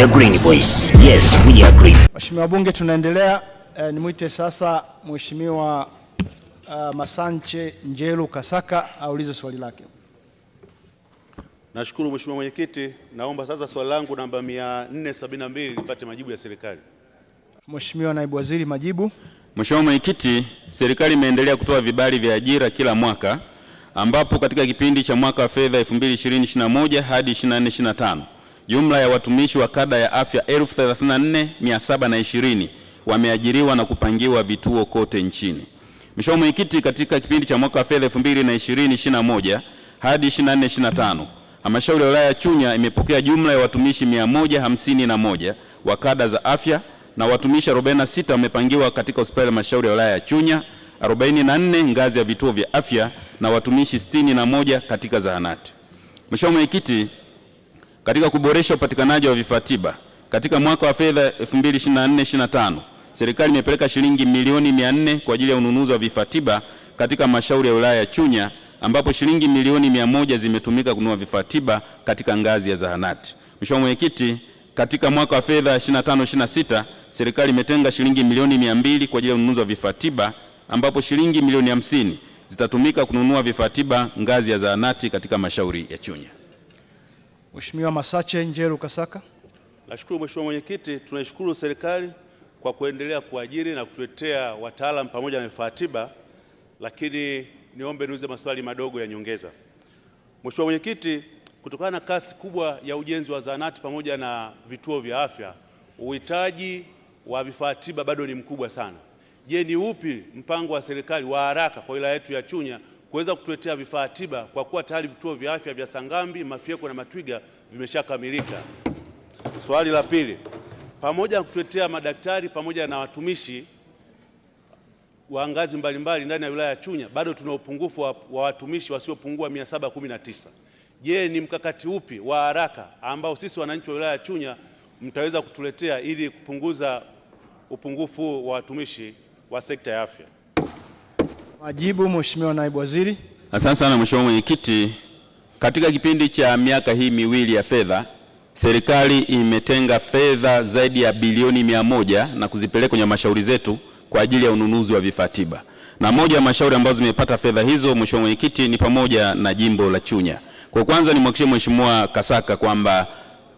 the Green Voice. Yes, we agree. Mheshimiwa Bunge, tunaendelea. E, nimwite sasa Mheshimiwa uh, eh, Masanche Njelu Kasaka aulize swali lake. Nashukuru Mheshimiwa Mwenyekiti, naomba sasa swali langu namba 472 lipate majibu ya serikali. Mheshimiwa Naibu Waziri, majibu. Mheshimiwa Mwenyekiti, serikali imeendelea kutoa vibali vya ajira kila mwaka ambapo katika kipindi cha mwaka wa fedha 2020/2021 hadi 2024/2025 Jumla ya watumishi wa kada ya afya 34720 wameajiriwa na kupangiwa vituo kote nchini. Mheshimiwa Mwenyekiti, katika kipindi cha mwaka wa fedha 2020/2021 hadi 24/25 halmashauri ya wilaya ya Chunya imepokea jumla ya watumishi 151 wa kada za afya na watumishi 46 wamepangiwa katika hospitali ya halmashauri ya wilaya ya Chunya, 44 ngazi ya vituo vya afya na watumishi 61 katika zahanati. Mheshimiwa Mwenyekiti, katika kuboresha upatikanaji wa vifaa tiba, katika mwaka wa fedha 2024/25 serikali imepeleka shilingi milioni 400 kwa ajili ya ununuzi wa vifaa tiba katika halmashauri ya wilaya ya Chunya ambapo shilingi milioni 100 zimetumika kununua vifaa tiba katika ngazi ya zahanati. Mheshimiwa Mwenyekiti, katika mwaka wa fedha 25/26 serikali imetenga shilingi milioni 200 kwa ajili ya ununuzi wa vifaa tiba ambapo shilingi milioni 50 zitatumika kununua vifaa tiba ngazi ya zahanati katika halmashauri ya Chunya. Mheshimiwa Masache Njeru Kasaka. Nashukuru Mheshimiwa Mwenyekiti, tunaishukuru serikali kwa kuendelea kuajiri na kutuletea wataalamu pamoja na vifaa tiba, lakini niombe niuze maswali madogo ya nyongeza. Mheshimiwa Mwenyekiti, kutokana na kasi kubwa ya ujenzi wa zahanati pamoja na vituo vya afya, uhitaji wa vifaa tiba bado ni mkubwa sana. Je, ni upi mpango wa serikali wa haraka kwa wilaya yetu ya Chunya kuweza kutuletea vifaa tiba kwa kuwa tayari vituo vya afya vya Sangambi, Mafyeko na Matwiga vimeshakamilika. Swali la pili, pamoja na kutuletea madaktari pamoja na watumishi wa ngazi mbalimbali ndani ya wilaya ya Chunya, bado tuna upungufu wa, wa watumishi wasiopungua 719. Je, ni mkakati upi wa haraka ambao sisi wananchi wa wilaya ya Chunya mtaweza kutuletea ili kupunguza upungufu wa watumishi wa sekta ya afya? Majibu, Mheshimiwa Naibu Waziri. Asante sana Mheshimiwa Mwenyekiti. Katika kipindi cha miaka hii miwili ya fedha, serikali imetenga fedha zaidi ya bilioni mia moja na kuzipeleka kwenye mashauri zetu kwa ajili ya ununuzi wa vifaa tiba, na moja ya mashauri ambazo zimepata fedha hizo, Mheshimiwa Mwenyekiti, ni pamoja na jimbo la Chunya. Kwa kwanza nimhakikishie Mheshimiwa Kasaka kwamba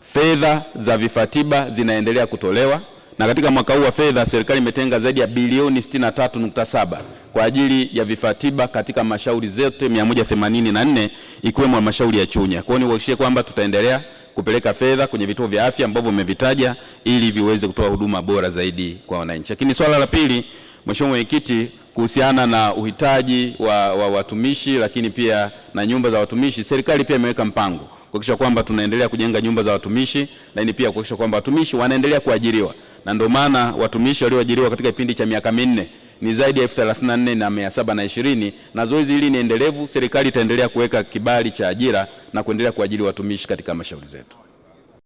fedha za vifaa tiba zinaendelea kutolewa na katika mwaka huu wa fedha serikali imetenga zaidi ya bilioni 63.7 kwa ajili ya vifaa tiba katika halmashauri zote 184 ikiwemo halmashauri ya Chunya. Kwa hiyo niwahakikishie kwamba tutaendelea kupeleka fedha kwenye vituo vya afya ambavyo umevitaja ili viweze kutoa huduma bora zaidi kwa wananchi. Lakini swala la pili, Mheshimiwa Mwenyekiti, kuhusiana na uhitaji wa, wa watumishi lakini pia na nyumba za watumishi, serikali pia imeweka mpango kuhakikisha kwamba tunaendelea kujenga nyumba za watumishi, lakini pia kuhakikisha kwamba watumishi wanaendelea kuajiriwa, na ndio maana watumishi walioajiriwa katika kipindi cha miaka minne ni zaidi ya elfu thelathini na nne na mia saba na ishirini na zoezi hili ni endelevu. Serikali itaendelea kuweka kibali cha ajira na kuendelea kuajiri watumishi katika halmashauri zetu.